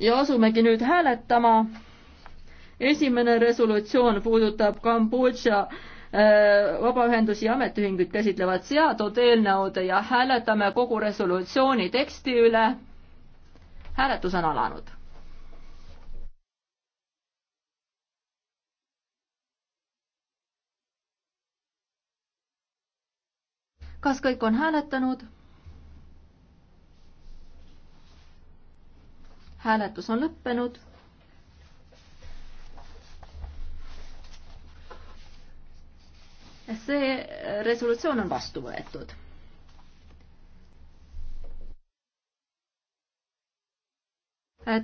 ja asumegi nüüd hääletama. esimene resolutsioon puudutab Kambodža äh, vabaühendusi ja ametiühinguid käsitlevat seadud, eelnõud ja hääletame kogu resolutsiooni teksti üle. hääletus on alanud. kas kõik on hääletanud? hääletus on lõppenud. see resolutsioon on vastu võetud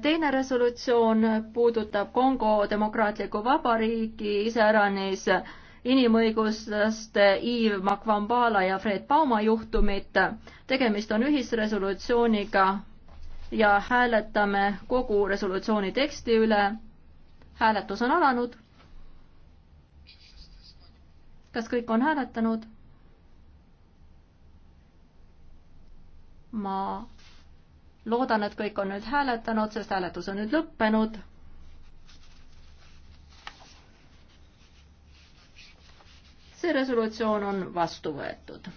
teine resolutsioon puudutab Kongo Demokraatliku Vabariigi iseäranis inimõiguslaste Yves Makvambala ja Fred Bauma juhtumit. tegemist on ühisresolutsiooniga, ja hääletame kogu resolutsiooni teksti üle. hääletus on alanud. kas kõik on hääletanud? ma loodan, et kõik on nüüd hääletanud, sest hääletus on nüüd lõppenud. see resolutsioon on vastu võetud.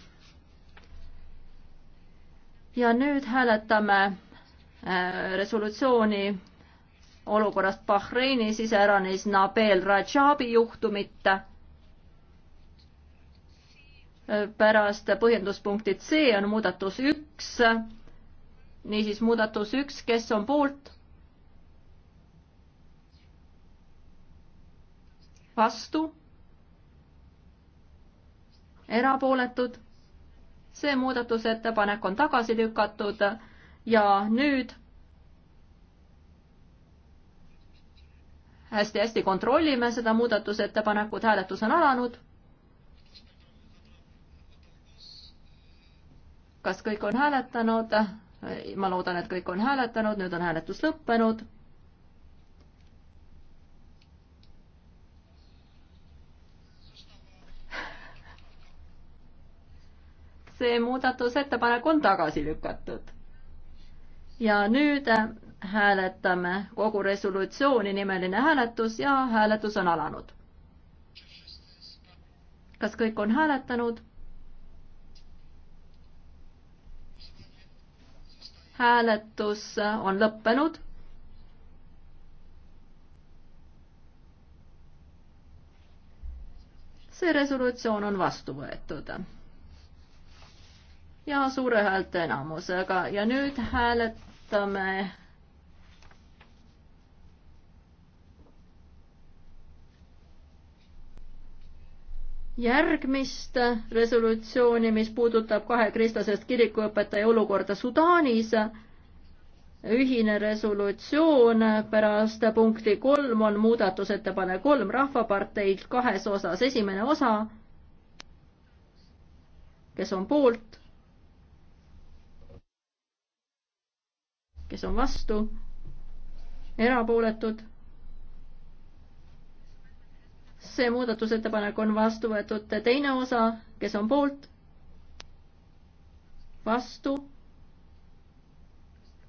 ja nüüd hääletame Äh, resolutsiooni olukorrast Bahreinis, iseäranis Nabeel Rajabi juhtumit. Äh, pärast põhjenduspunktid C on muudatus üks. niisiis muudatus üks, kes on poolt? vastu? erapooletud? see muudatusettepanek on tagasi lükatud ja nüüd hästi-hästi kontrollime seda muudatusettepanekut, hääletus on alanud. kas kõik on hääletanud? ma loodan, et kõik on hääletanud, nüüd on hääletus lõppenud. see muudatusettepanek on tagasi lükatud ja nüüd äh, hääletame kogu resolutsiooni nimeline hääletus ja hääletus on alanud. kas kõik on hääletanud? hääletus äh, on lõppenud. see resolutsioon on vastu võetud ja suure häälte enamusega ja nüüd hääletame järgmist resolutsiooni, mis puudutab kahe kristlasest kirikuõpetaja olukorda Sudaanis. ühine resolutsioon pärast punkti kolm on muudatusettepanek kolm Rahvaparteilt kahes osas, esimene osa, kes on poolt kes on vastu, erapooletud. see muudatusettepanek on vastu võetud, teine osa, kes on poolt, vastu,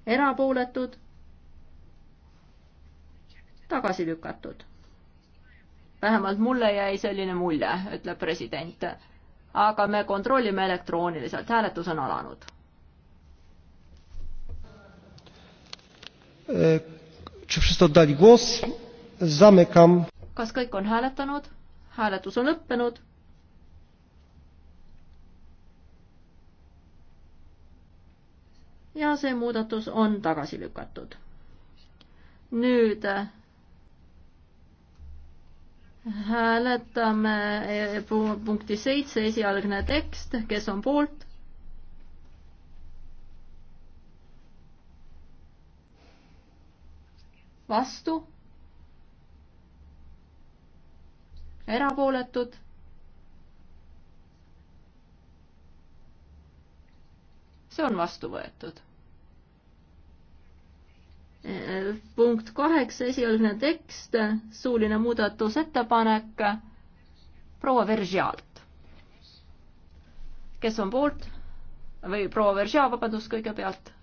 erapooletud, tagasi lükatud. vähemalt mulle jäi selline mulje, ütleb president. aga me kontrollime elektrooniliselt, hääletus on alanud kas kõik on hääletanud? hääletus on lõppenud. ja see muudatus on tagasi lükatud. nüüd hääletame eh, punkti seitse, esialgne tekst, kes on poolt vastu, erapooletud. see on vastu võetud. punkt kaheksa, esialgne tekst, suuline muudatusettepanek proua Veržialt. kes on poolt või proua Veržia, vabandust, kõigepealt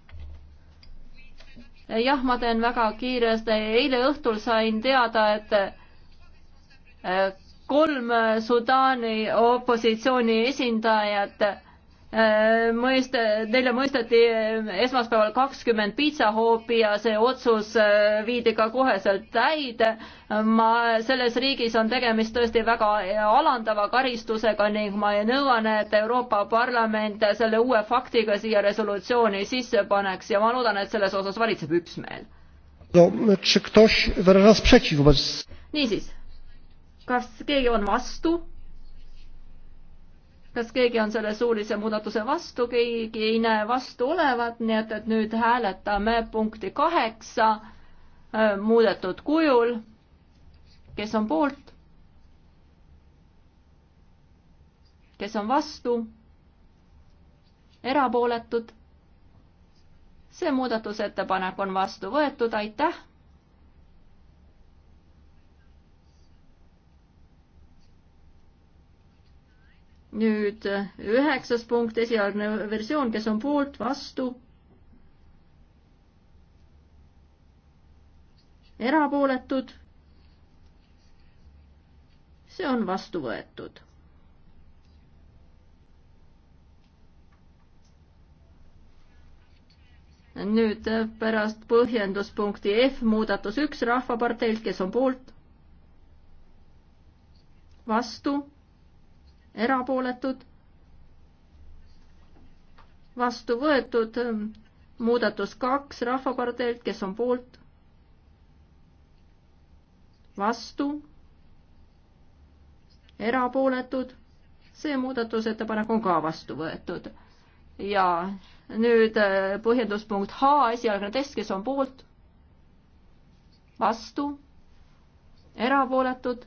jah, ma teen väga kiiresti, eile õhtul sain teada, et eh, kolm Sudaani opositsiooni esindajat Äh, mõist-, neile mõisteti äh, esmaspäeval kakskümmend piitsahoopi ja see otsus äh, viidi ka koheselt täide. ma, selles riigis on tegemist tõesti väga alandava karistusega ning ma nõuan, et Euroopa Parlament selle uue faktiga siia resolutsiooni sisse paneks ja ma loodan, et selles osas valitseb üksmeel. no, niisiis, kas keegi on vastu? kas keegi on selle suulise muudatuse vastu, keegi ei näe vastu olevat, nii et, et nüüd hääletame punkti kaheksa äh, muudetud kujul. kes on poolt? kes on vastu? erapooletud? see muudatusettepanek on vastu võetud, aitäh nüüd üheksas punkt, esialgne versioon, kes on poolt, vastu, erapooletud, see on vastu võetud. nüüd pärast põhjenduspunkti F muudatus üks Rahvaparteilt, kes on poolt, vastu erapooletud, vastu võetud, ähm, muudatus kaks Rahvaparteilt, kes on poolt, vastu, erapooletud, see muudatusettepanek on ka vastu võetud. ja nüüd äh, põhjenduspunkt H, esialgne test, kes on poolt, vastu, erapooletud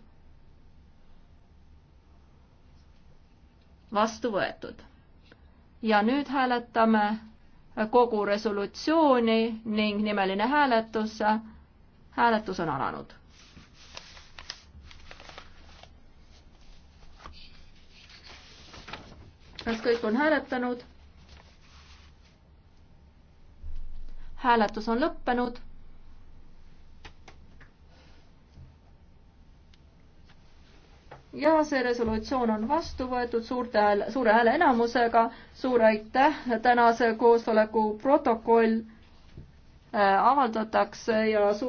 vastu võetud. ja nüüd hääletame kogu resolutsiooni ning nimeline hääletus. hääletus on alanud. kas kõik on hääletanud? hääletus on lõppenud ja see resolutsioon on vastu võetud suurte hääl, suure hääle enamusega. suur aitäh, tänase koosoleku protokoll äh, avaldatakse ja suur